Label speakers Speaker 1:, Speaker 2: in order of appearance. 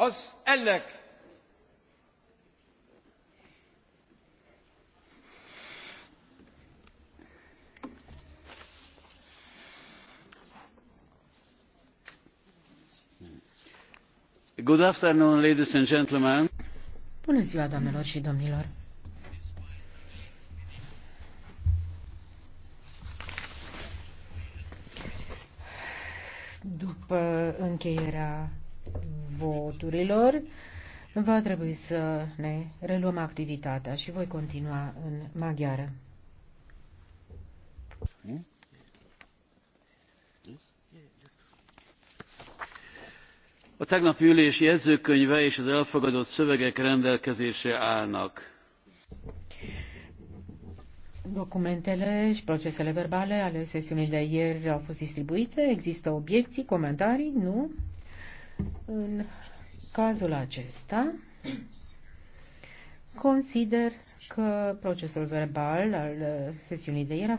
Speaker 1: az ennek
Speaker 2: Good afternoon, ladies and gentlemen.
Speaker 3: Bună ziua, doamnelor și domnilor.
Speaker 4: După încheierea voturilor, va trebui să ne reluăm activitatea și voi continua în maghiară.
Speaker 2: A tegnapi ülés jegyzőkönyve és az elfogadott szövegek rendelkezésre állnak.
Speaker 4: Documentele și procesele verbale ale sesiunii de ieri au fost distribuite. Există obiecții, comentarii? Nu? În cazul acesta,
Speaker 1: consider că procesul verbal al sesiunii de ieri a